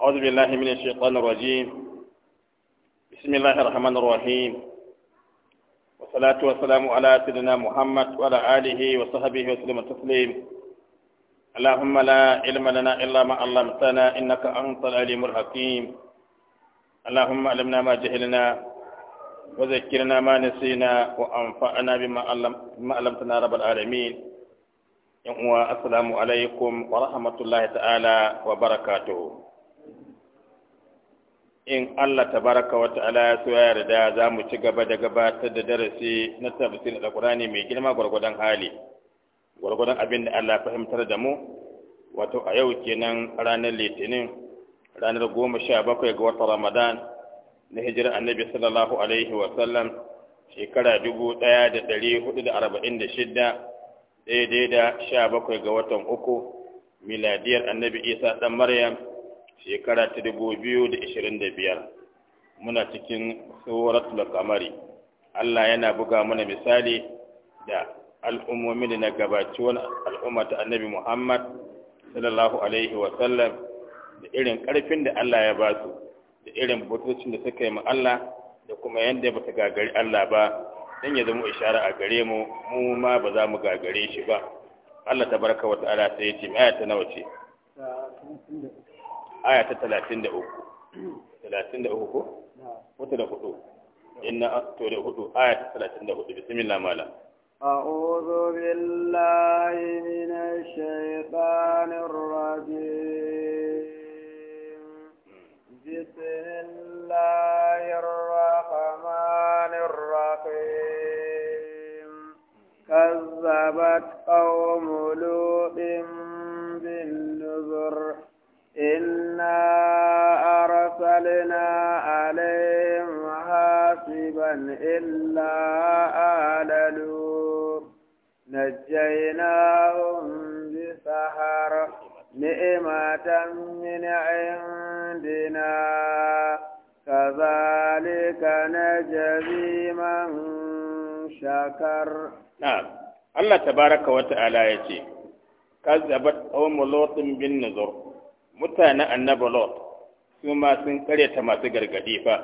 أعوذ بالله من الشيطان الرجيم بسم الله الرحمن الرحيم والصلاة والسلام على سيدنا محمد وعلى آله وصحبه وسلم تسليم اللهم لا علم لنا إلا ما علمتنا إنك أنت العليم الحكيم اللهم علمنا ما جهلنا وذكرنا ما نسينا وأنفعنا بما علمتنا رب العالمين السلام عليكم ورحمة الله تعالى وبركاته in Allah ta wa ta'ala ya so ya yarda za mu ci gaba da gabatar da darasi na tafsir alqur'ani mai girma gwargwadon hali gwargwadon abin da Allah fahimtar da mu wato a yau kenan ranar litinin ranar goma sha bakwai ga watan ramadan na hijirar annabi sallallahu alaihi wa sallam shekara dubu ɗaya da ɗari hudu da arba'in da shida, daidai da sha bakwai ga watan uku miladiyar annabi isa ɗan maryam shekara ta dubu biyu da ishirin da biyar muna cikin suratul kamari Allah yana buga mana misali da al'ummomi da na gabaci wani al'umma ta annabi Muhammad sallallahu alaihi wa sallam da irin ƙarfin da Allah ya ba su da irin butocin da suka yi Allah da kuma yadda ba ta gagari Allah ba don ya zama ishara a gare mu mu ma ba za mu gagare shi ba Allah ta baraka wa ta'ala sai ya ce mai ta nawa ce aya ta 33 33 ko wata da hudu inna to da hudu aya ta bismillah أعوذ بالله من الشيطان الرجيم بسم الله الرحمن الرحيم كذبت قوم لوط بالنذر Ina arha salina alayyahu hasiban illa alaluhu: Najjaina, undi Allah ta baraka wata ala ya ce, k'a zaɓe mu zauna binne zuwa. mutanen annaba lot su ma sun karyata masu gargadi fa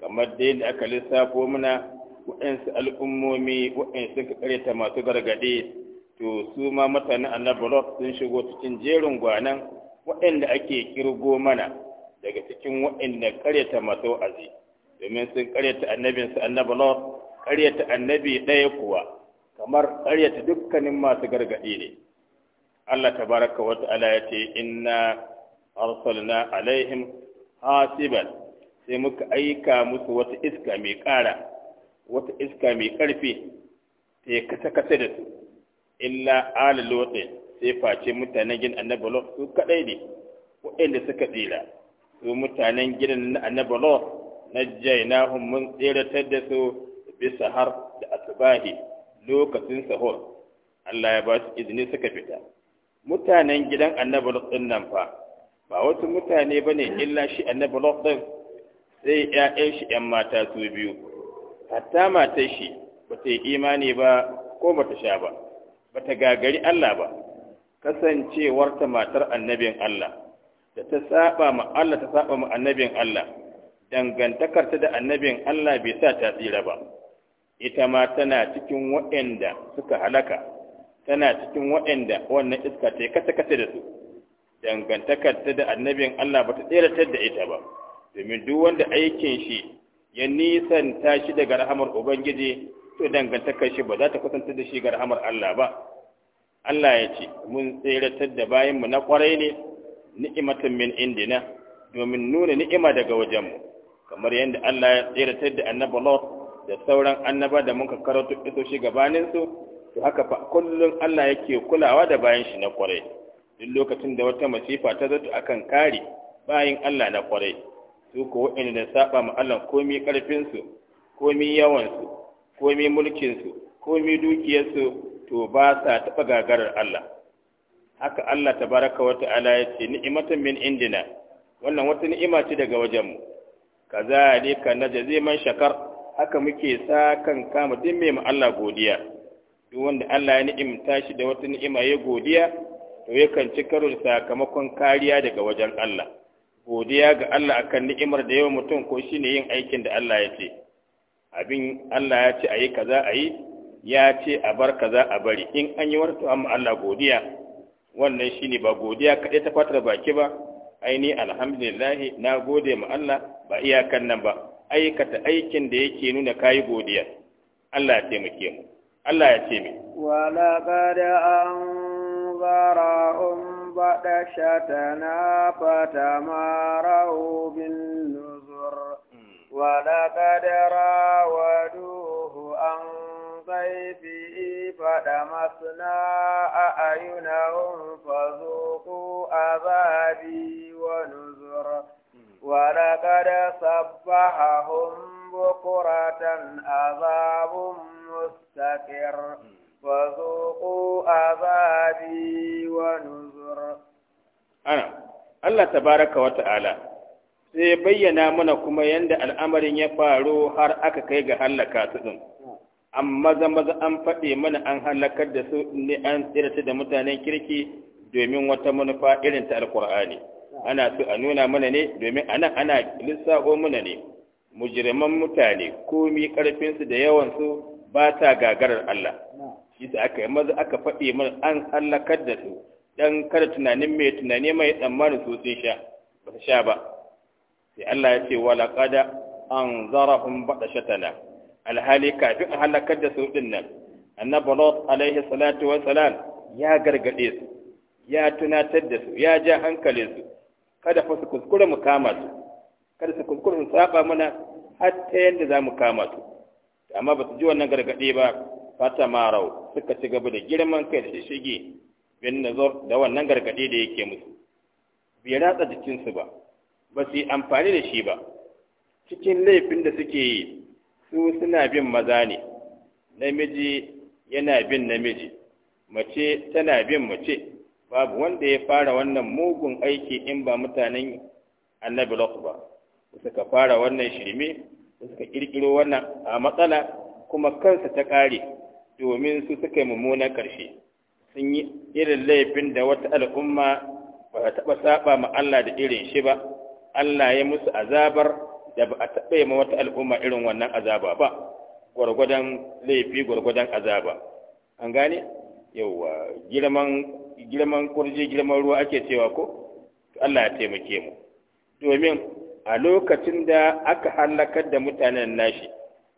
kamar dai da aka lissafo muna waɗansu al'ummomi waɗansu suka karyata masu gargadi to su ma mutanen annaba lot sun shigo cikin jerin gwanan waɗanda ake kirgo mana daga cikin waɗanda karyata masu wa'azi domin sun karyata annabinsu annaba lot karyata annabi ɗaya kuwa kamar karyata dukkanin masu gargadi ne Allah tabaraka wa ta'ala ya ce inna arsalna alaihim hasiban sai muka aika musu wata iska mai ƙara wata iska mai ƙarfi ta yi kasa-kasa da su illa ala sai face mutanen gidan annabalo su kaɗai ne waɗanda suka tsira su mutanen gidan na annabi lot na jainahun mun tseratar da su bisa har da asubahi lokacin sahur Allah ya ba su izini suka fita mutanen gidan annabalo lot ɗin nan fa ba wasu mutane ba ne illa shi annabi lot ɗin sai ‘ya'yan shi ‘yan mata su biyu hatta matar shi ba ta yi imani ba ko ba ta sha ba ba ta gagari Allah ba kasancewarta matar annabin Allah da ta saba ma Allah ta saba ma annabin Allah dangantakarta da annabin Allah bai sa ta tsira ba ita ma tana cikin waɗanda suka halaka tana cikin waɗanda wannan iska ta yi kasa kasa da su ta da annabin Allah ba ta tseratar da ita ba domin duk wanda aikin shi ya nisanta shi daga rahamar ubangiji to dangantakar shi ba za ta kusanta da shi ga rahamar Allah ba Allah ya ce mun tseratar da bayanmu na kwarai ne ni'imatan min indina domin nuna ni'ima daga wajenmu kamar yadda Allah ya tseratar da annabi Lot da sauran annaba da muka karatu iso shi gabaninsu to haka fa kullum Allah yake kulawa da bayan shi na kwarai duk lokacin da wata masifa ta zato akan kare bayan Allah na kwarai su ko wa'in da saba ma Allah komi ƙarfinsu komi yawansu komi mulkinsu komi dukiyarsu to ba sa taɓa gagarar Allah haka Allah baraka wa ta'ala ya ce ni'imatan min indina wannan wata ni'ima ce daga wajenmu kazalika najzi man shakar haka muke sa kan kama duk mai ma Allah godiya duk wanda Allah ya ni'imta shi da wata ni'ima ya godiya to yakan ci karo da sakamakon kariya daga wajen Allah godiya ga Allah akan ni'imar da yawa mutum ko shine yin aikin da Allah ya ce abin Allah ya ce a yi kaza a yi ya ce a bar kaza a bari in an yi warto amma Allah godiya wannan shine ba godiya kaɗai ta fatar baki ba aini alhamdulillah na gode ma Allah ba iyakan nan ba aikata aikin da yake nuna kayi godiya Allah ya taimake mu Allah ya ce mu wala bada an براء بطشتنا فتماروا بالنذر ولقد راودوه عن ضيفه فدمسنا أعينهم فذوقوا عذابي ونذر ولقد صبحهم بكرة عذاب مستقر wa nuzur ana Allah الله wa ta'ala sai bayyana mana kuma yanda al'amarin ya faru har aka kai ga halaka su din amma maza an faɗe mana an halakar da su ne an tsirata da mutanen kirki domin wata manufa irin ta alkur'ani ana so a nuna mana ne domin ana ana lissafo mana ne mujirman mutane komi karfinsu da yawansu ba ta gagarar Allah yadda aka yi maza aka faɗi mana an hallakar da su dan kada tunanin mai tunani mai tsammani su sun sha ba sha ba sai Allah ya ce wala qada an zarahum badashatana alhali kafin a halakar da su din nan annabi lot alaihi salatu wa salam ya gargade su ya tunatar da su ya ja hankalin su kada fa su kuskure mu kama su kada su kuskure mu saba mana har ta yanda za mu kama su amma ba su ji wannan gargade ba fatamarau suka ci gaba da girman kai da shige bin nazar da wannan gargade da yake musu bai ratsa jikinsu ba ba su yi amfani da shi ba cikin laifin da suke yi su suna bin maza ne namiji yana bin namiji mace tana bin mace babu wanda ya fara wannan mugun aiki in ba mutanen annabi lot ba suka fara wannan shirme suka ƙirƙiro wannan a matsala kuma kansa ta ƙare domin su suka yi mummunan ƙarshe sun yi irin laifin da wata al'umma ba ta taɓa saɓa ma Allah da irin shi ba Allah ya musu azabar da ba a taɓa yi ma wata al'umma irin wannan azaba ba gwargwadon laifi gwargwadon azaba an gane yauwa girman girman kurji girman ruwa ake cewa ko Allah ya taimake mu domin a lokacin da aka halakar da mutanen nashi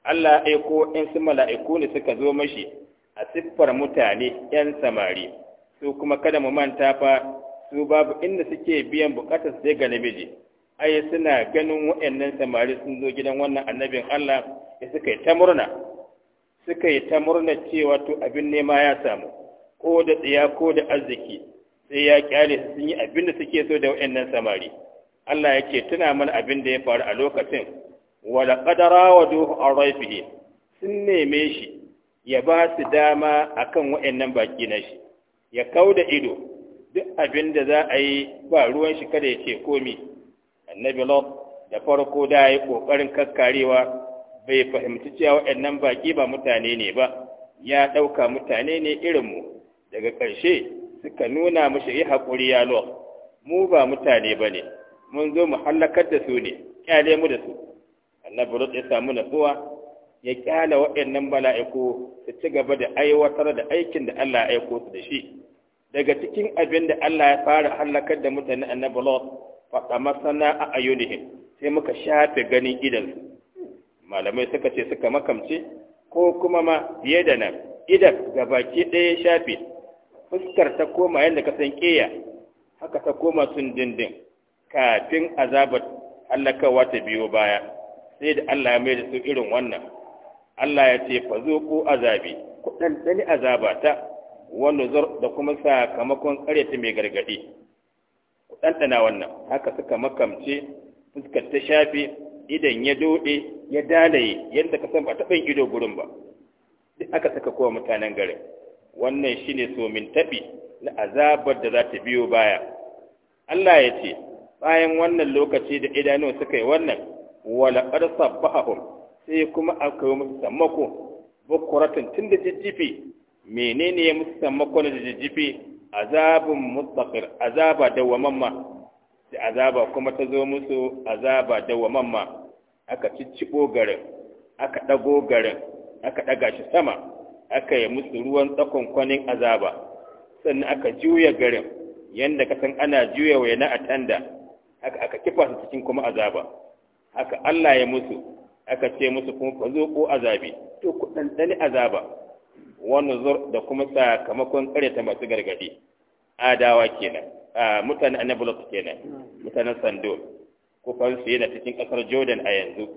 Allah ya aiko in su mala'iku ne suka zo mashi a siffar mutane ‘yan samari, su kuma kada mu manta fa su babu inda suke biyan bukatar sai ga namiji, ai suna ganin waɗannan samari sun zo gidan wannan annabin Allah ya suka yi ta murna, suka ta murna cewa to abin nema ya samu, ko da tsiya ko da arziki, sai ya kyale su sun yi abin da suke so da waɗannan samari. Allah ya ce tuna mana abin da ya faru a lokacin wa laqad rawaduhu raifihi sun neme shi ya ba su dama a kan waɗannan baƙi na shi ya kau da ido duk abin da za a yi ba ruwan shi kada ya ce komi annabi lot da farko da ya yi ƙoƙarin kakkarewa bai fahimci cewa waɗannan baƙi ba mutane ne ba ya ɗauka mutane ne irinmu daga ƙarshe suka nuna mashi yi haƙuri ya lot mu ba mutane ba ne mun zo mu hallakar da su ne ƙyale mu da su annabi lut ya samu natsuwa ya kyala waɗannan mala'iku su ci gaba da aiwatar da aikin da Allah ya aiko su da shi daga cikin abin da Allah ya fara halakar da mutane annabi lot faɗa masana a ayyunihim sai muka shafe ganin idan malamai suka ce suka makamce ko kuma ma fiye da nan idan gabaki ɗaya ya shafe fuskar ta koma yadda ka san ƙeya haka ta koma sun dindin kafin azabar halakawa ta biyo baya sai da Allah ya mai da su irin wannan Allah ya ce fa zo ku azabi ku ɗanɗani azabata wani zar da kuma sakamakon karyata mai gargaɗi ku ɗanɗana wannan haka suka makamce fuskar ta shafe idan ya dode, ya dalaye yadda ka san ba ta bin ido gurin ba duk aka saka kowa mutanen garin wannan shine min tabi na azabar da za ta biyo baya Allah ya ce bayan wannan lokaci da idanun suka yi wannan walaƙar sabbahahum sai kuma aka yi musu sammako bukuratun tun da jijjifi menene ya musu sammako da jijjifi azabin mustaqir azaba dawamamma da azaba kuma ta zo musu azaba dawamamma aka ciccibo garin aka dago garin aka daga shi sama aka yi musu ruwan tsakon kwanin azaba sannan aka juya garin yanda ka san ana juya waina a tanda aka aka kifa su cikin kuma azaba haka Allah ya musu aka ce musu kuma ku zo ko azabi to ku ɗanɗani azaba wannan zur da kuma sakamakon ta masu gargadi adawa kenan a mutanen annabulat kenan mutanen sando ko fansu yana cikin ƙasar jordan a yanzu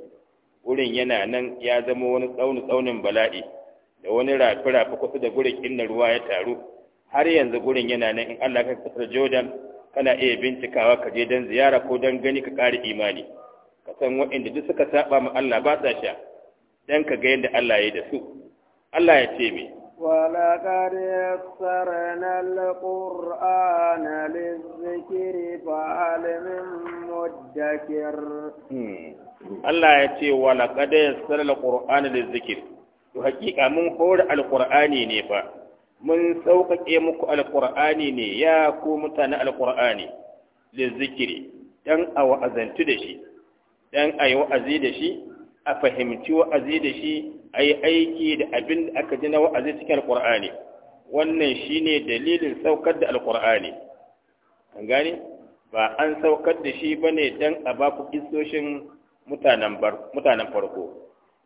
wurin yana nan ya zama wani tsauni tsaunin bala'i da wani rafi rafi kusa da gurin inda ruwa ya taru har yanzu gurin yana nan in allah ka ƙasar jordan kana iya bincikawa ka je don ziyara ko don gani ka ƙara imani Kasan san waɗanda duk suka saba ma Allah ba sa sha dan ka ga yadda Allah ya yi da su Allah ya ce me ولقد يسرنا القرآن للذكر فهل من مدكر Allah ya ce wala kada ya sarar Al-Qur'ani da zikir to hakika mun hore Al-Qur'ani ne fa mun sauƙaƙe muku Al-Qur'ani ne ya ku mutane Al-Qur'ani da zikiri dan a wa'azantu da shi dan a yi wa'azi da shi a fahimci wa'azi da shi a yi aiki da abin da aka ji na wa'azi cikin alƙur'ani wannan shi dalilin saukar da alƙur'ani an gane ba an saukar da shi ba ne don a ba ku isoshin mutanen farko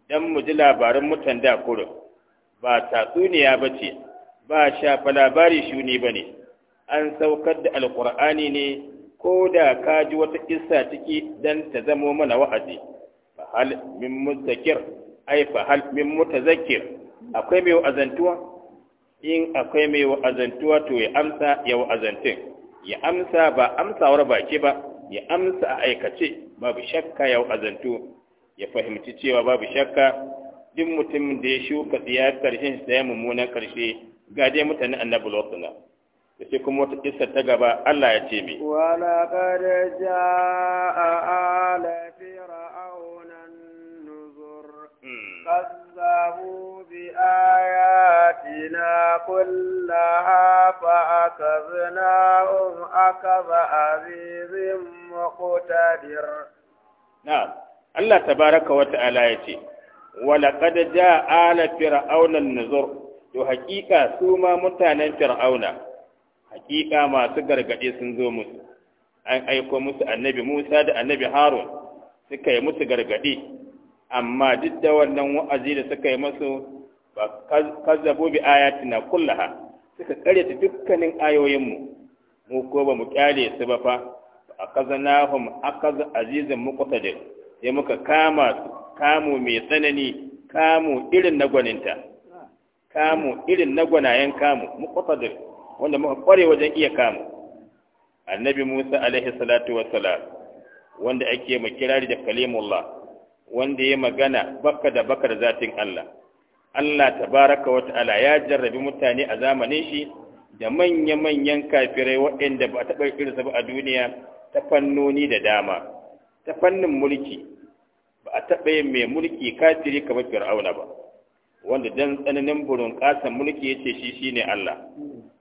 don mu ji labarin mutan da kuro ba tatsuniya ba ce ba shafa labari shuni ba ne an saukar da alƙur'ani ne ko da ka ji wata kissa ciki dan ta zamo mana wa'azi fa hal min mutazakir ai fa hal min mutazakir akwai mai wa'azantuwa in akwai mai wa'azantuwa to ya amsa ya wa'azantin ya amsa ba amsawar baki ba ya amsa a aikace babu shakka ya wa'azantu ya fahimci cewa babu shakka duk mutumin da ya shuka tsiya karshen sai ya mummunan karshe ga dai mutanen annabi lotsuna da sai kuma wata kissa ta gaba Allah ya ce mai wala qad jaa ala fir'auna nuzur hmm. kazzabu bi na kulla ayatina kullaha fa akaznahum akaba azizim muqtadir na'am Allah ta baraka wa ala" ya ce wala qad jaa ala fir'auna nuzur to hakika su ma mutanen fir'auna hakika masu gargaɗe sun zo musu an aiko musu annabi musa da annabi harun suka yi musu gargaɗe amma duk da wannan wa'azi da suka yi musu ba kazzabu bi ayatina kullaha suka karyata dukkanin ayoyinmu mu ko ba mu kyale su ba fa a akaz azizin muqtadir sai muka kama su kamu mai tsanani kamu irin na gwaninta kamu irin na gwanayen kamu muqtadir wanda muka kware wajen iya kamu annabi Musa alaihi salatu wassalam wanda ake kirari da kalimullah wanda ya magana baka da baka da zatin Allah Allah tabaraka wa ta'ala ya jarrabi mutane a zamanin shi da manya-manyan kafirai waɗanda ba taɓa irinsa ba a duniya ta fannoni da dama ta fannin mulki ba a taɓa yin mai mulki kafiri kamar fir'auna ba wanda dan tsananin burin kasan mulki yace shi shine Allah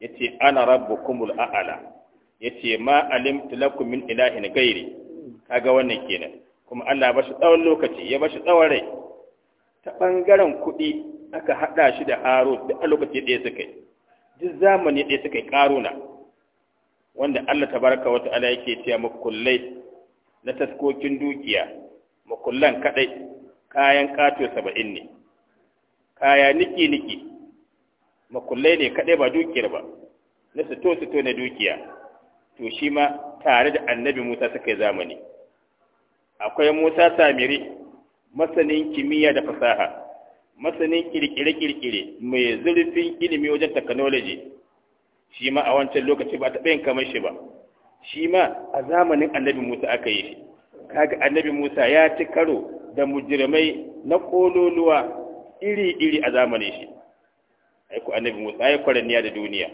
yace ana rabbukumul a'ala yace ma alim lakum min ilahin gairi kaga wannan kenan kuma Allah bashi tsawon lokaci ya bashi tsawon rai ta bangaren kuɗi aka haɗa shi da Harun duk a lokaci ɗaya suka yi duk zamani ɗaya suka yi karuna wanda Allah tabaraka wa ta'ala yake cewa makullai na taskokin dukiya makullan kadai kayan kato saba'in ne kaya niki-niki makullai ne kaɗai ba dukiyar ba na sito-sito na dukiya to shi ma tare da annabi musa suka yi zamani akwai musa samiri masanin kimiyya da fasaha masanin kirkire-kirkire mai zurfin ilimi wajen technology shi ma a wancan lokaci ba ta yin kamar shi ba shi ma a zamanin annabi musa aka yi shi kaga annabi musa ya ci karo da mujirmai na kololuwa iri-iri a zamanin shi aiku annabi musa ya kwaranniya da duniya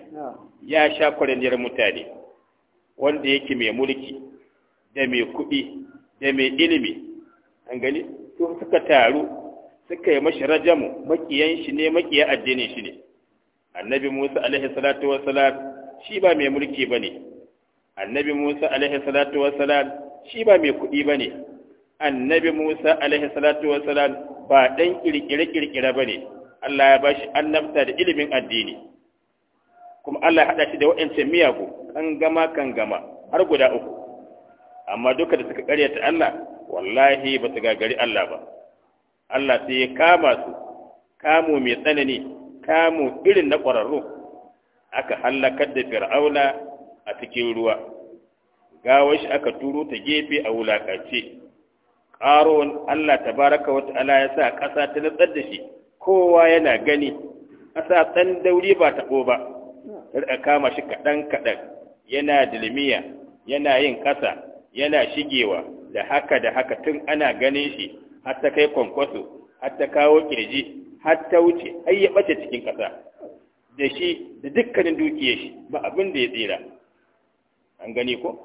ya sha kwaranniyar mutane wanda yake mai mulki da mai kuɗi da mai ilimi an gani su suka taru suka yi mashi rajamu makiyan shi ne makiya addinin shi ne annabi musa alaihi salatu Salam, shi ba mai mulki ba ne. annabi musa alaihi salatu Salam, shi ba mai kuɗi ba ne. annabi musa alaihi salatu Salam, ba ɗan ƙirƙire-ƙirƙire ba ne Allah ya bashi annabta da ilimin addini kuma Allah ya haɗa shi da waɗancan miyagu kan gama kan gama har guda uku amma duka da suka karyata Allah wallahi ba su gagari Allah ba Allah sai ya kama su kamo mai tsanani kamo irin na ƙwararru aka hallakar da fir'auna a cikin ruwa gawar shi aka turo ta gefe a wulakace ƙaron Allah baraka wa ta'ala ya sa ƙasa ta nutsar da shi kowa yana gani ƙasa ɗan dauri ba taɓo ba a kama shi kaɗan kaɗan yana dilmiya yana yin ƙasa yana shigewa da haka da haka tun ana ganin shi har ta kai kwankwaso har ta kawo ƙirji har ta wuce ai ya ɓace cikin ƙasa da shi da dukkanin dukiyar shi ba abin da ya tsira an gani ko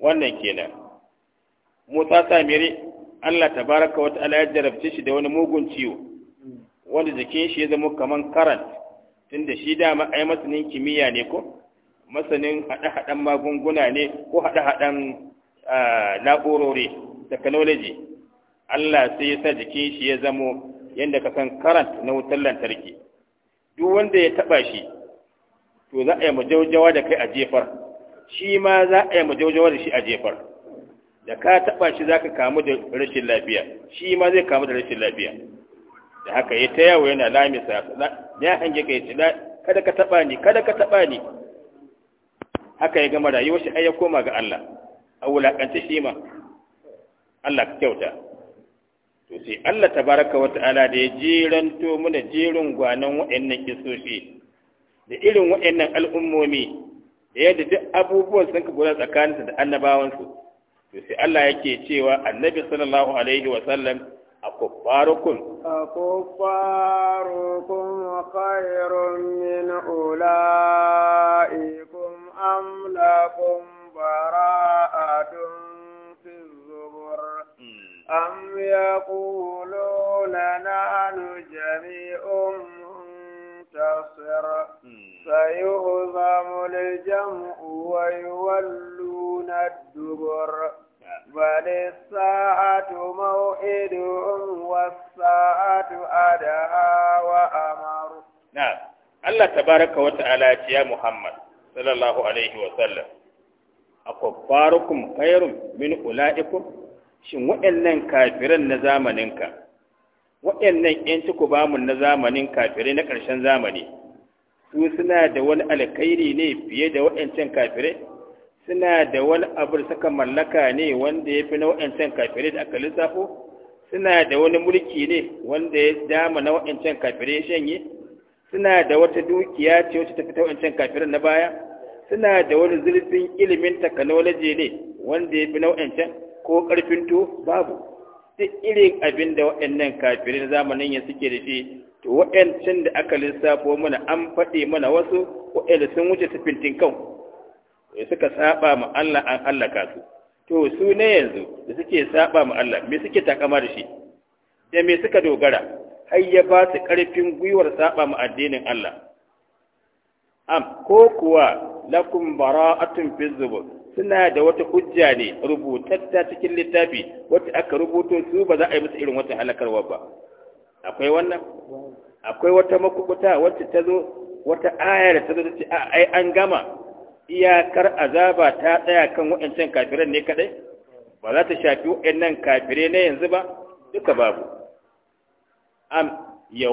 wannan kenan Musa Samiri Allah tabaraka wa ta'ala ya jarabce shi da wani mugun ciwo wanda jikin shi ya zama kaman karat tunda shi dama ai masanin kimiyya ne ko masanin haɗe-haɗen magunguna ne ko haɗe-haɗen na'urori technology Allah sai ya sa jikin shi ya zamo yadda ka san karant na wutar lantarki duk wanda ya taba shi to za a yi majaujawa da kai a jefar shi ma za a yi majaujawa da shi a jefar da ka taɓa shi za ka kamu da rashin lafiya shi ma zai kamu da rashin lafiya da haka ya ta yawo yana lamisa ya hange ka ya da kada ka taɓa ni kada ka taɓa ni haka ya gama rayuwar shi ai ya koma ga Allah a wulaƙanta shi ma Allah ka kyauta to sai Allah tabaraka wa ta'ala da ya jiranto mana jerin gwanan waɗannan kisoshi da irin waɗannan al'ummomi da yadda duk abubuwan sun ka gura tsakaninsu da annabawansu to sai Allah yake cewa annabi sallallahu alaihi wa sallam akubbarukum akubbarukum khairun min ulaikum am lakum bara'atun fi zubur hmm. am yaquluna nahnu jami'un منتصر سيهزم الجمع ويولون الدبر بل الساعة موعدهم والساعة أدها وأمر نعم الله تبارك وتعالى يا محمد صلى الله عليه وسلم akwabarukum khairun min ula'ikum shin waɗannan kafiran na zamaninka waɗannan ƴan ciku na zamanin kafirai na ƙarshen zamani su suna da wani alkhairi ne fiye da waɗancan kafirai suna da wani abu da suka mallaka ne wanda ya fi nau'ancan kafirai da aka lissafo suna da wani mulki ne wanda ya dama nau'ancan kafirai shanye suna da wata dukiya ce wacce ta fi nau'ancan kafirai na baya suna da wani zurfin ilimin takanoloji ne wanda ya fi nau'ancan ko karfin to babu duk irin abin da waɗannan kafirai na zamanin ya suke da shi to waɗancan da aka lissafo mana an faɗi mana wasu waɗanda sun wuce su fintin kan suka saba ma Allah an hallaka su to su ne yanzu da suke saba ma Allah me suke takama da shi da me suka dogara har ya ba su karfin gwiwar saba ma addinin Allah am ko kuwa lakum bara'atun fi zubur suna da wata hujja ne rubutatta cikin littafi wacce aka rubuto su ba za a yi musu irin wata halakarwa ba akwai wannan akwai wata makubuta wacce ta zo wata aya ta zo ta ce ai an gama iyakar azaba ta tsaya kan waɗancan kafiran ne kaɗai ba za ta shafi waɗannan kafirai na yanzu ba duka babu am ya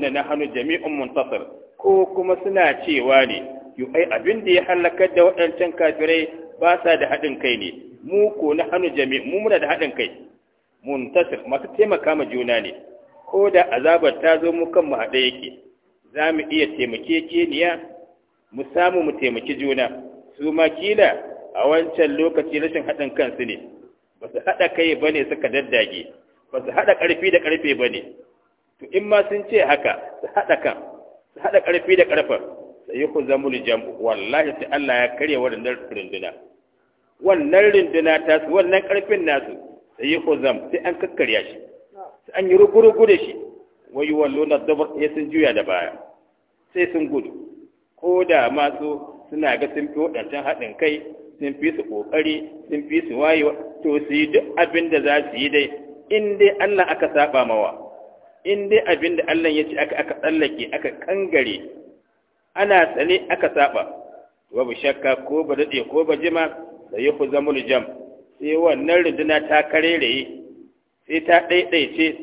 na nahanu jami'un muntasir ko kuma suna cewa ne yu ai abin da ya halakar da waɗancan kafirai ba sa da haɗin kai ne mu ko nahanu jami'un mu muna da haɗin kai muntasir masu taimaka ma juna ne ko da azabar ta zo mu kan mu haɗe yake za mu iya taimake taimakekeniya mu samu mu taimaki juna su ma kila a wancan lokaci rashin haɗin kansu ne ba su haɗa kai ba ne suka daddage ba su haɗa ƙarfi da ƙarfe ba ne to in ma sun ce haka su haɗa kan su haɗa ƙarfi da ƙarfen sai yi zamul jam'u wallahi sai Allah ya karya waɗannan runduna wannan runduna tasu wannan ƙarfin nasu sai yi zam sai an kakkarya shi sai an yi rugurugu da shi wayi wallo na dabar ya sun juya da baya sai sun gudu ko da masu suna ga sun fi waɗancan haɗin kai sun fi su ƙoƙari sun fi su wayewa to su yi duk abin da za su yi dai in dai Allah aka saba mawa in dai abin da Allah ya ce aka aka tsallake aka kangare ana tsale aka saba babu shakka ko ba daɗe ko ba jima da yi ku zama jam sai wannan runduna ta karereye sai ta ɗaiɗaice ce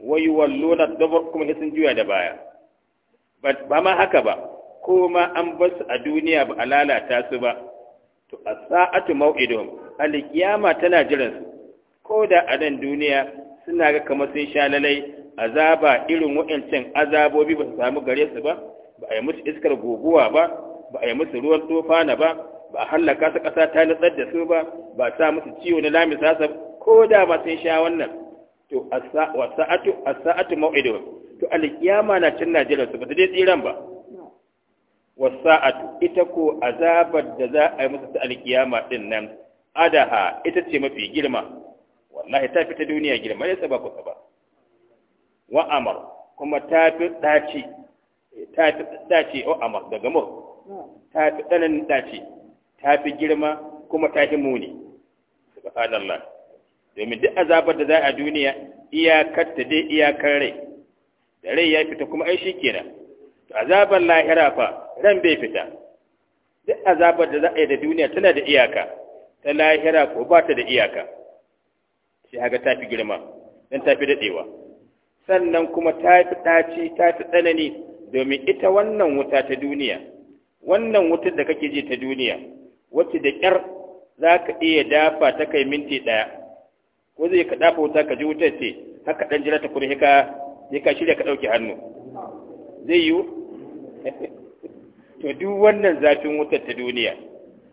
wallo na dabar kuma sun juya da baya ba ma haka ba ko ma an su a duniya ba a lalata su ba to a sa'atu mau'idum alkiyama tana jiransu. su ko da a nan duniya suna ga kamar sun sha lalai azaba irin wa’ancin azabobi ba su samu gare su ba ba a yi musu iskar guguwa ba ba a yi musu ruwan tofana ba ba a hallaka su ƙasa ta nutsar da su ba ba a sa musu ciwo na lami sasa ko da ba sun sha wannan to a saatu as-sa'atu mau'idum to alkiyama na cin najira su ba ta dai tsiran ba wasa'atu ita ko azabar da za a yi masa ta alkiyama din nan adaha ita ce mafi girma wallahi ta fita duniya girma ya tsaba ku tsaba wa kuma ta fi dace ta fi dace wa amar daga mur ta fi tsananin dace ta fi girma kuma ta fi muni subhanallah domin duk azabar da za a duniya iyakar ta dai iyakar rai da rai ya fita kuma ai shi kenan azabar lahira fa ran bai fita duk azabar da za a yi da duniya tana da iyaka ta lahira ko ba ta da iyaka shi haka ta fi girma don ta fi daɗewa sannan kuma ta fi ɗaci ta fi tsanani domin ita wannan wuta ta duniya wannan wutar da kake ji ta duniya wacce da ƙyar za ka iya dafa ta kai minti ɗaya ko zai ka dafa wuta ka ji wutar ce haka ɗan jira ta kurhika ka ka shirya ka ɗauki hannu zai yiwu to duk wannan zafin wutar ta duniya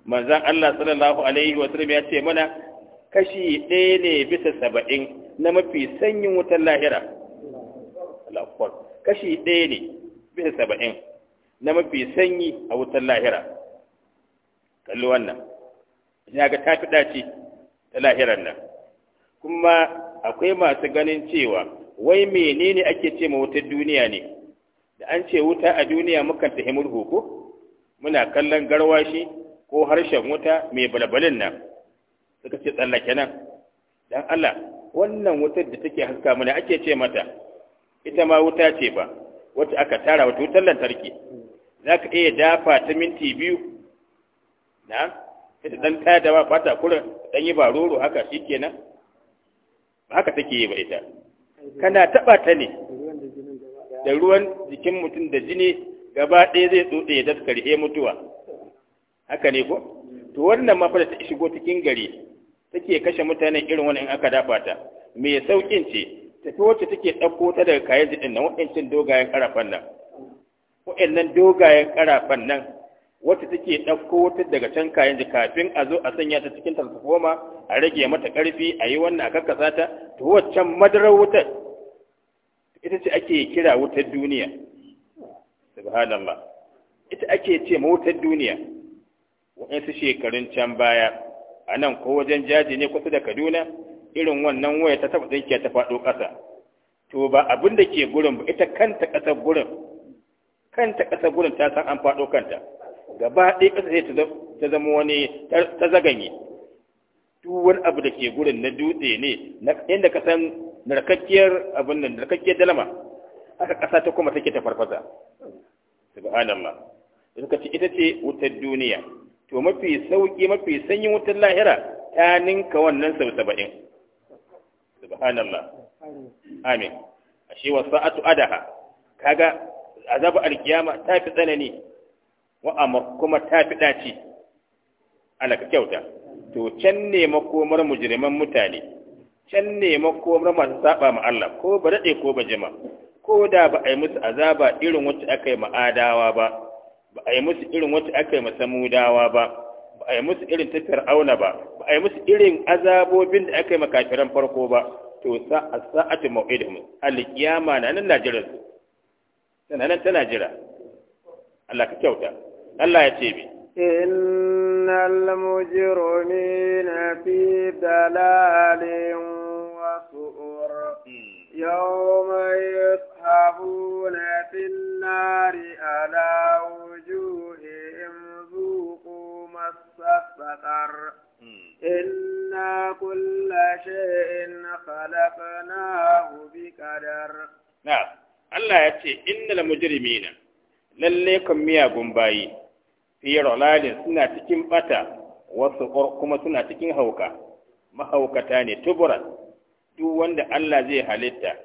manzon Allah sallallahu alaihi wa sallam ya ce mana kashi ɗaya ne bisa saba'in na mafi sanyin wutar lahira kashi ɗaya ne bisa saba'in na mafi sanyi a wutar lahira kalli wannan ya ga tafi ɗaci ta lahirar nan kuma akwai masu ganin cewa wai menene ake ce ma wutar duniya ne da an ce wuta a duniya mukan ta murhu ko muna kallon garwashi ko harshen wuta mai balbalin nan suka ce tsallake nan dan Allah wannan wutar da take haska mana ake ce mata ita ma wuta ce ba wata aka tara wata wutar lantarki za ka iya dafa ta minti biyu na ita dan ta da ba ta kura dan yi baroro haka shikenan ba haka take yi ba ita kana taba ta ne da ruwan jikin mutum da jini gaba ɗaya zai tsotse ya daskarhe mutuwa haka ne ko to wannan ma fa ta shigo cikin gari take kashe mutanen irin wani in aka dafa ta me saukin ce tafi wacce take ɗauko ta daga kayan jiɗin nan waɗancan dogayen ƙarafan nan waɗannan dogayen ƙarafan nan wacce take ɗauko ta daga can kayan ji kafin a zo a sanya ta cikin transforma a rage mata ƙarfi a yi wannan a kakkasa ta to waccan madarar wutar ita ce ake kira wutar duniya subhanallah ita ake ce ma wutar duniya waɗansu shekarun can baya a nan ko wajen jaji ne kusa da kaduna irin wannan waya ta taɓa tsinkiya ta faɗo ƙasa to ba abin da ke gurin ba ita kanta ƙasar gurin kanta ƙasar gurin ta san an faɗo kanta gaba ɗaya ƙasa sai ta zama wani ta zaganye duk wani abu da ke gurin na dutse ne inda ka san narkakkiyar abin nan narkakkiyar dalama, aka ƙasa ta kuma take ta farfasa subhanallah idan ka ce ita ce wutar duniya to mafi sauki mafi sanyin wutar lahira ta ninka wannan sau saba'in subhanallah amin ashe wa sa'atu adaha kaga azabu alkiyama ta fi tsanani wa amma kuma ta fi daci alaka kyauta to can ne makomar mujriman mutane can ne makomar masu saba ma Allah ko ba daɗe ko ba jima ko da ba a yi musu azaba irin wacce aka yi ma'adawa ba ba a yi musu irin wacce aka yi ma samudawa ba ba a yi musu irin ta fir'auna ba ba a yi musu irin azabobin da aka yi ma kafiran farko ba to sa'a sa'atu mau'idahum alkiyama na nan najira tana nan tana jira Allah ka kyauta Allah ya ce bi إن المجرمين في دلال وسؤر يوم يسحبون في النار على وجوههم ذوقوا مس السقر إنا كل شيء خلقناه بقدر نعم الله يأتي إن المجرمين لليكم ميا قنبايين fi suna cikin bata wasu kuma suna cikin hauka mahaukata ne tuburan duk wanda Allah zai halitta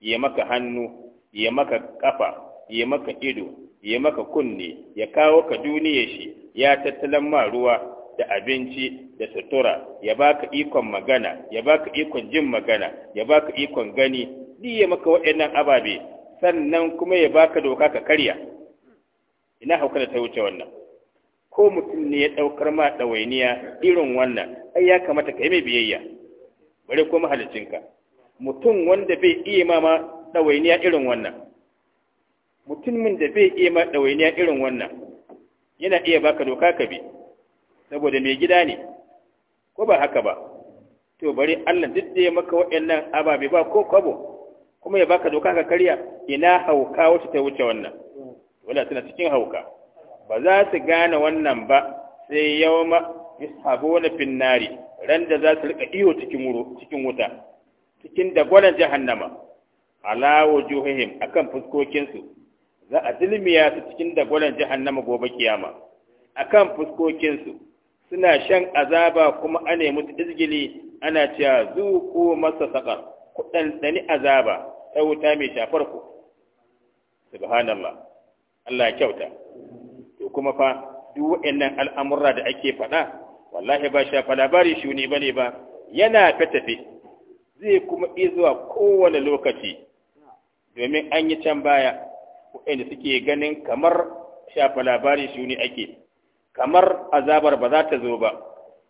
ya maka hannu ya maka kafa ya maka ido ya maka kunne ya kawo ka duniya shi ya tattalan ma ruwa da abinci da sutura ya baka ikon magana ya baka ikon jin magana ya baka ikon gani ni ya maka waɗannan ababe sannan kuma ya baka doka ka karya ina hauka da ta wuce wannan ko mutum ne ya ɗaukar ma ɗawainiya irin wannan ai ya kamata ka yi mai biyayya bare ko mahalicinka mutum wanda bai iya ma ma ɗawainiya irin wannan mutumin da bai iya ma ɗawainiya irin wannan yana iya baka doka ka bi saboda mai gida ne ko ba haka ba to bari Allah duk da ya maka waɗannan ababe ba ko kwabo kuma ya baka doka ka karya ina hauka wacce ta wuce wannan wala tana cikin hauka ba za su gane wannan ba sai ma ishabu fin finnari ran da za su rika iyo cikin wuro cikin wuta cikin dagwalon jahannama ala wujuhihim akan fuskokin su za a dilmiya su cikin dagwalon jahannama gobe kiyama akan fuskokin su suna shan azaba kuma ana musu izgili ana cewa zuku masa saqar ku azaba ta wuta mai shafar ku subhanallah Allah ya kyauta to kuma fa duk wa'annan al'amurra da ake faɗa wallahi ba shafa labari shi ne bane ba yana ta tafi zai kuma izuwa kowane lokaci domin an yi can baya waanda suke ganin kamar shafa labari shi ne ake kamar azabar ba za ta zo ba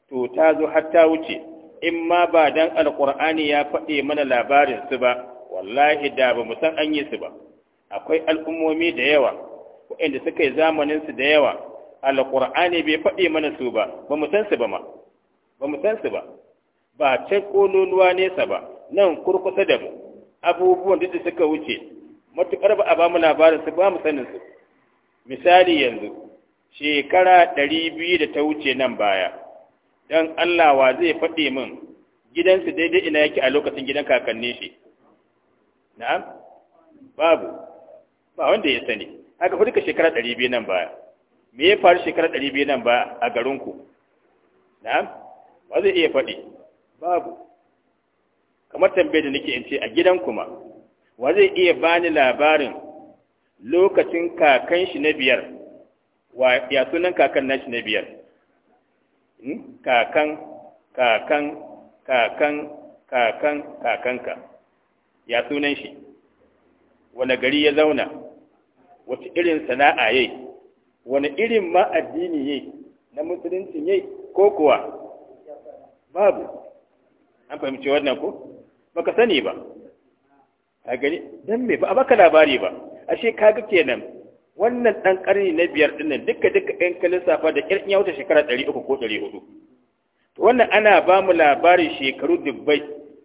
to ta zo har ta wuce in ma ba dan alƙur'ani ya faɗe mana labarin su ba wallahi da ba mu san an yi su ba akwai al'ummomi da yawa waɗanda suka yi zamaninsu da yawa alƙur'ani bai faɗi mana su ba ba mu san su ba ma ba mu san su ba ba can ƙololuwa nesa ba nan kurkusa da mu abubuwan duk da suka wuce matuƙar ba a ba mu labarin su ba mu sanin su misali yanzu shekara ɗari biyu da ta wuce nan baya dan Allah wa zai faɗi min gidansu daidai ina yake a lokacin gidan kakanni shi na'am babu ba wanda ya sani aka fi duka shekara ɗari biyu nan baya me ya faru shekara ɗari biyu nan ba a garinku Na. ba zai iya faɗi babu kamar tambayar da nake in ce a gidan kuma wa zai iya bani labarin lokacin kakan shi na biyar wa ya sunan kakan shi na biyar hmm? kakan kakan kakan kakan kakanka ya sunan shi wani gari ya zauna wata irin sana'a yai wani irin ma addini yai na musulunci yai ko kuwa babu an fahimci wannan ko baka sani ba a gani dan me ba a baka labari ba ashe kaga kenan wannan dan karni na biyar din nan duka duka ɗan kalisafa da ƙirƙin ya shekara ɗari uku ko ɗari hudu to wannan ana ba mu labarin shekaru dubbai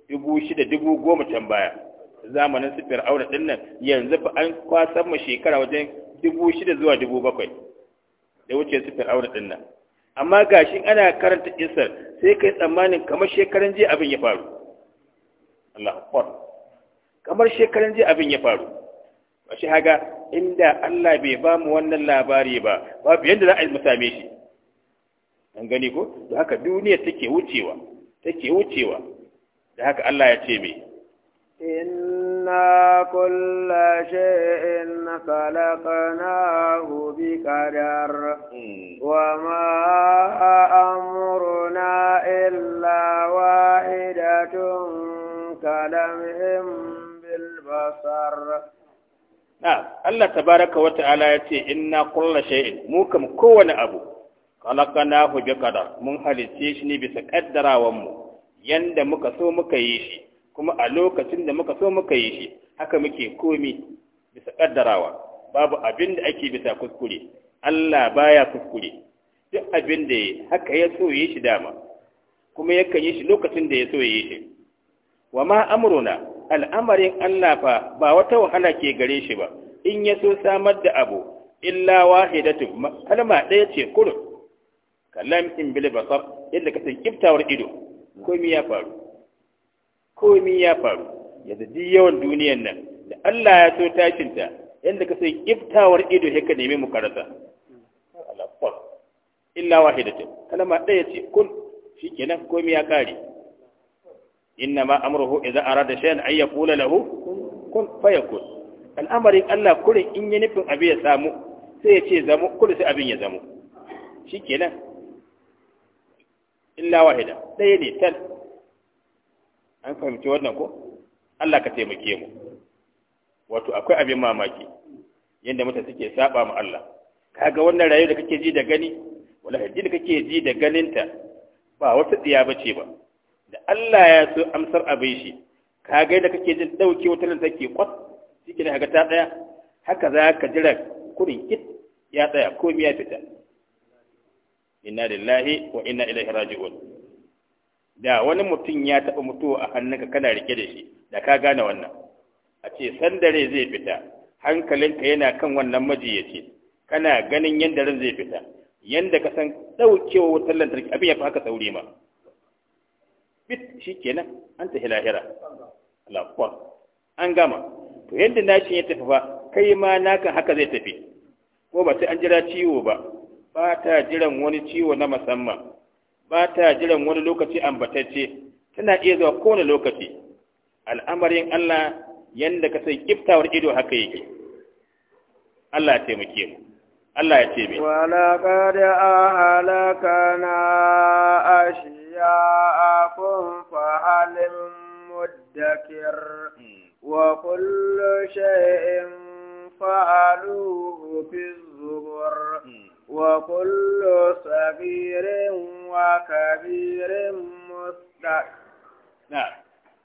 dubu shida dubu goma can baya zamanin su fir'auna din nan yanzu fa an kwasan mu shekara wajen dubu shida zuwa dubu bakwai da wuce su fir'auna din nan amma gashi ana karanta isar sai kai tsammanin kamar shekaran jiya abin ya faru Allah akbar kamar shekaran jiya abin ya faru shi haga inda Allah bai ba mu wannan labari ba babu yadda za a yi mu same shi an gani ko da haka duniya take wucewa take wucewa da haka Allah ya ce mai إنا كل شيء خلقناه بقدر وما أمرنا إلا واحدة كلمهم بالبصر نعم الله تبارك وتعالى يتي إنا كل شيء موكم كون أبو خلقناه بقدر من هل تيشني بسقدر ومو يند مكسو مكيشي kuma a lokacin da muka so muka yi shi haka muke komi bisa kaddarawa babu abin da ake bisa kuskure Allah baya kuskure duk abin da haka ya so yi shi dama kuma yakan yi shi lokacin da ya so yi shi wa ma amruna al'amarin Allah fa ba wata wahala ke gare shi ba in ya so samar da abu illa wahidatu kalma ɗaya ce kurum kallam in bil basar yadda kasan kiftawar ido komai ya faru komi ya faru ya duk yawan duniyan nan da Allah ya so tashinta yadda ka sai kiftawar ido ya ka nemi mukarasa illa wahidatin kalma ɗaya ce kun shikenan komi ya kare inna ma amruhu idza arada shay'an ay yaqula lahu kun fayakun Al'amari Allah kurin in yi nufin abin ya samu sai ya ce zamu kullum sai abin ya zamu shikenan illa wahida ɗaya ne tal an fahimci wannan ko Allah ka taimake mu wato akwai abin mamaki yadda mutane suke saba ma Allah kaga wannan rayuwa da kake ji da gani wallahi ji da kake ji da ganinta ba wata tsiya bace ba da Allah ya so amsar abin shi kaga da kake jin dauke wata nan take kwat shike ne kaga ta daya haka za ka jira kurin kit ya tsaya ko ya fita inna lillahi wa inna ilaihi raji'un da wani mutum ya taɓa mutuwa a hannunka kana rike da shi da ka gane wannan a ce sandare zai fita hankalinka yana kan wannan majiyaci kana ganin yadda ran zai fita yadda ka san ɗaukewa wutar lantarki abin ya fi haka sauri ma bit shi kenan an ta hilahira lafuwa an gama to yadda nashin ya tafi ba kai ma naka haka zai tafi ko ba sai an jira ciwo ba ba ta jiran wani ciwo na musamman ba ta jiran wani lokaci ambatacce tana iya zuwa kowane lokaci al'amarin Allah yanda ka sai kiftawar ido haka yake Allah ya taimake mu Allah ya ce mai walaqad ahlakana ashya'akum fa alim mudakir wa kullu shay'in fa'aluhu fi zubur hmm. وكل صغير وكبير مستقر نعم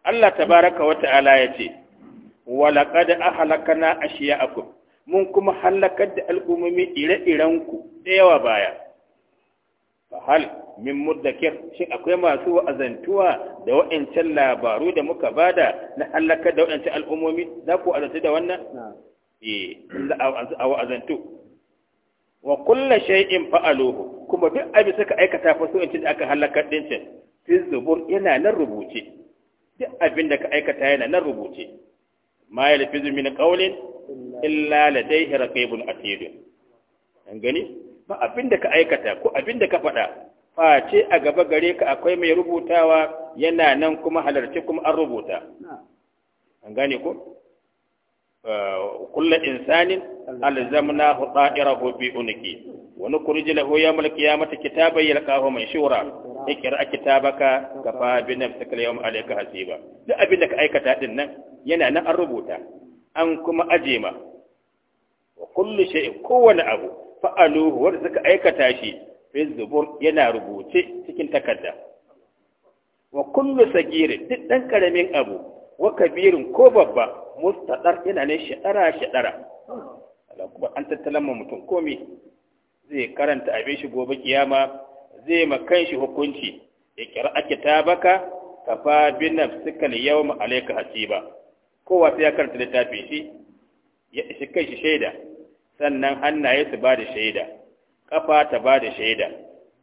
Allah tabaraka wa ta'ala ya ce, Walaƙad a halakana a shiya mun kuma halakar da al'ummomi ire-irenku da yawa baya. Fahal min muddakir shin akwai masu wa'azantuwa da wa'ancan labaru da muka bada na halakar da wa'ancan al'ummomi za ku azantu da wannan? Eh, a wa'azantu. wa kulla shay'in fa'aluhu kuma duk abin suka aikata fa ce da aka halaka din can fi zubur yana nan rubuce duk abin da ka aikata yana nan rubuce ma yalfizu min qaulin illa ladayhi raqibun atid an gani ba abin da ka aikata ko abin da ka faɗa face a gaba gare ka akwai mai rubutawa yana nan kuma halarci kuma an rubuta an gane ko kulla insanin alzamna hu ta'irahu bi unki wa nukhrij lahu yawm al-qiyamati kitaban yalqahu manshura ikra kitabaka kafa bi nafsika al-yawm alayka hasiba duk abin da ka aikata din nan yana nan an rubuta an kuma aje ma wa kullu shay'in kowane abu fa'aluhu wanda suka aikata shi fi zubur yana rubuce cikin takarda wa kullu sagiri duk dan karamin abu wa kabirin ko babba mustadar yana ne shadara shadara Allah kuma an tattalan ma mutum komai zai karanta abin shi gobe kiyama zai makan shi hukunci ya kira ake tabaka kafa bi nafsika yawma alayka hasiba kowa sai ya karanta littafin shi ya shi kai shi shaida sannan hannaye su ba da shaida kafa ta ba da shaida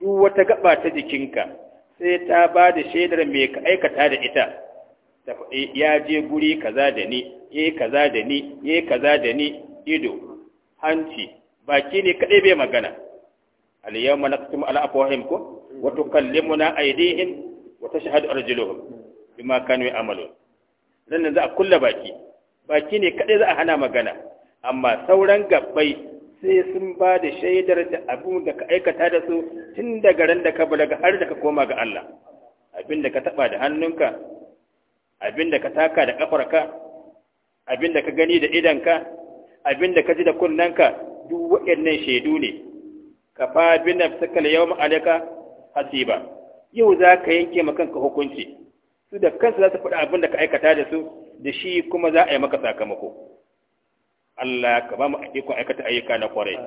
duk wata gaba ta jikinka sai ta ba da shaidar me ka aikata da ita Eh, ya je guri kaza da ni yayi kaza da ni yayi kaza da ni ido hanci baki ne kadai bai magana al yawma naqtum ala afwahihim ko wa tukallimuna aydihim wa tashhadu arjuluhum bima kanu ya'malun nan za a kulla baki baki ne kadai za a hana magana amma sauran gabbai sai sun ba da shaidar da abin da ka aikata da su tun daga ran da ka balaga har da ka koma ga Allah abin da ka taba da hannunka abinda ka taka da kafarka abinda ka gani da idanka abinda ka ji da kunnen-ka duk waɗannan shaidu ne ka fa bin suka la yau ma'alaka hasiba yau za ka yanke ma kanka hukunci su da kansu za su faɗi abin da ka aikata da su da shi kuma za a yi maka sakamako Allah ka ba mu ikon aikata ayyuka na kwarai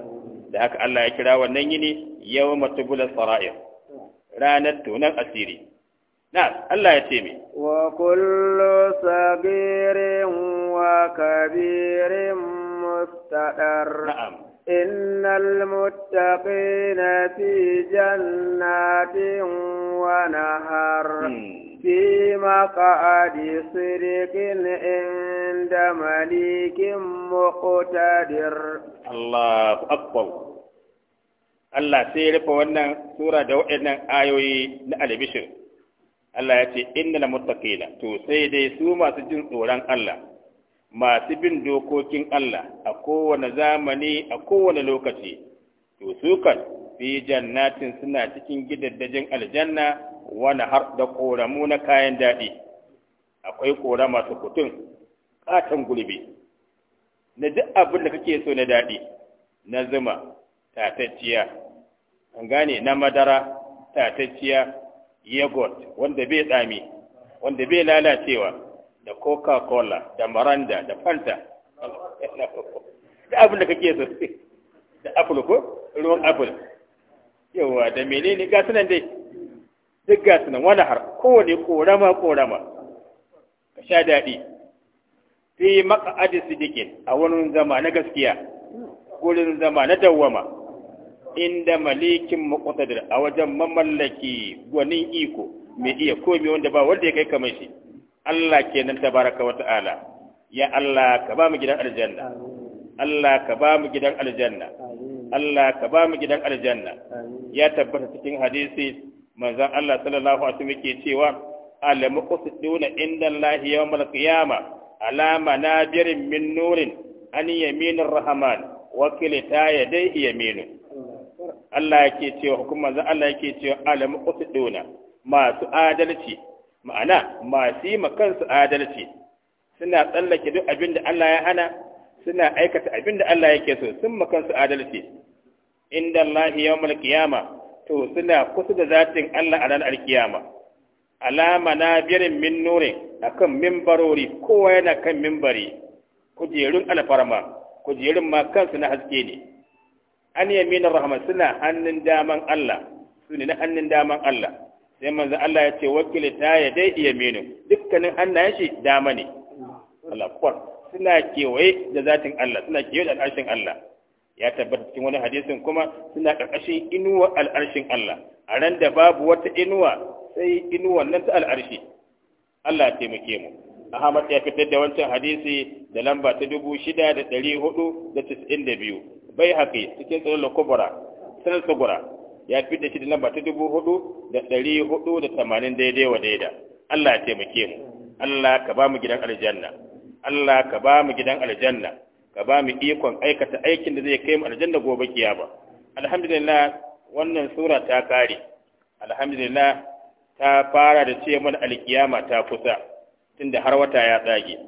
da haka Allah ya kira wannan yini yau tubula sara'ir ranar tunan asiri نعم الله يتيمي وكل صغير وكبير مستقر نعم إن المتقين في جنات ونهر في مقعد صدق عند مليك مقتدر الله أكبر الله سيرف ya سورة wannan آيوي نألي waɗannan Allah ya ce na muttaqina to sai dai su masu jin tsoron Allah masu bin dokokin Allah a kowane zamani a kowane lokaci to su kan fi jannatin suna cikin gidaddajin aljanna wani har da koramu na kayan daɗi akwai kora masu kutun katon gulbi na duk abin da kake so na daɗi na zuma tatacciya an gane na madara tatacciya yogurt wanda bai tsami wanda bai lalacewa da coca-cola da maranda da fanta da abin da kake so da apple ko ruwan apple yawa da menene ga sunan dai duk ga sunan wani har kowane korama korama ka sha daɗi sai maka adis dikin a wani zama na gaskiya gurin zama na dawwama inda malikin muqtadir a wajen mamallaki gwanin iko mai iya komai wanda ba wanda ya kai kamar shi Allah kenan tabaraka wa ta'ala ya Allah ka ba mu gidan aljanna Allah ka ba mu gidan aljanna Allah ka ba mu gidan aljanna ya tabbata cikin hadisi manzon Allah sallallahu alaihi wasallam yake cewa al-muqsiduna inda Allah yawmal qiyama ala manabirin min nurin an yaminir rahman wa kilita yadayhi yaminu Allah yake cewa hukumar za Allah yake cewa alamu ɗona masu adalci ma'ana masu yi kansu adalci suna tsallake duk abin da Allah ya hana suna aikata abin da Allah yake so sun kansu adalci inda Allah yawmal kiyama? to suna kusa da zatin Allah a ranar alkiyama alama na birin min nurin akan mimbarori kowa yana kan mimbari kujerun alfarma kujerun ma kansu na haske ne an yaminar rahama suna hannun daman Allah su ne na hannun daman Allah sai manzo Allah ya ce wakili ta ya dai yaminu dukkanin hannayen shi dama ne Allah kwar suna kewaye da zatin Allah suna kewaye da al'arshin Allah ya tabbata cikin wani hadisin kuma suna karkashin inuwa al'arshin Allah a ran da babu wata inuwa sai inuwan nan ta al'arshi Allah ya taimake mu Ahmad ya fitar da wancan hadisi da lamba ta dubu shida da ɗari hudu da tis'in da biyu bai haƙi cikin tsarin lokobora sanar tsogora ya fitar da shi da lamba ta dubu hudu da ɗari hudu da tamanin daidai wa daida Allah ya taimake mu Allah ka ba mu gidan aljanna Allah ka ba mu gidan aljanna ka ba mu ikon aikata aikin da zai kai mu aljanna gobe kiyama alhamdulillah wannan sura ta kare alhamdulillah ta fara da ce mana alkiyama ta kusa tunda har wata ya tsage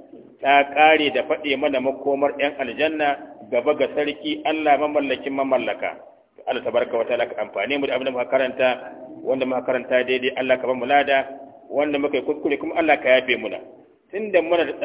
ta ƙare da faɗe mana makomar 'yan aljanna gaba ga sarki Allah mamallakin mamallaka Allah tabaraka wa ta'ala ka amfane mu da abin da muka karanta wanda muka karanta daidai Allah ka ba mu lada wanda muka yi kuskure kuma Allah ka yafe muna tunda muna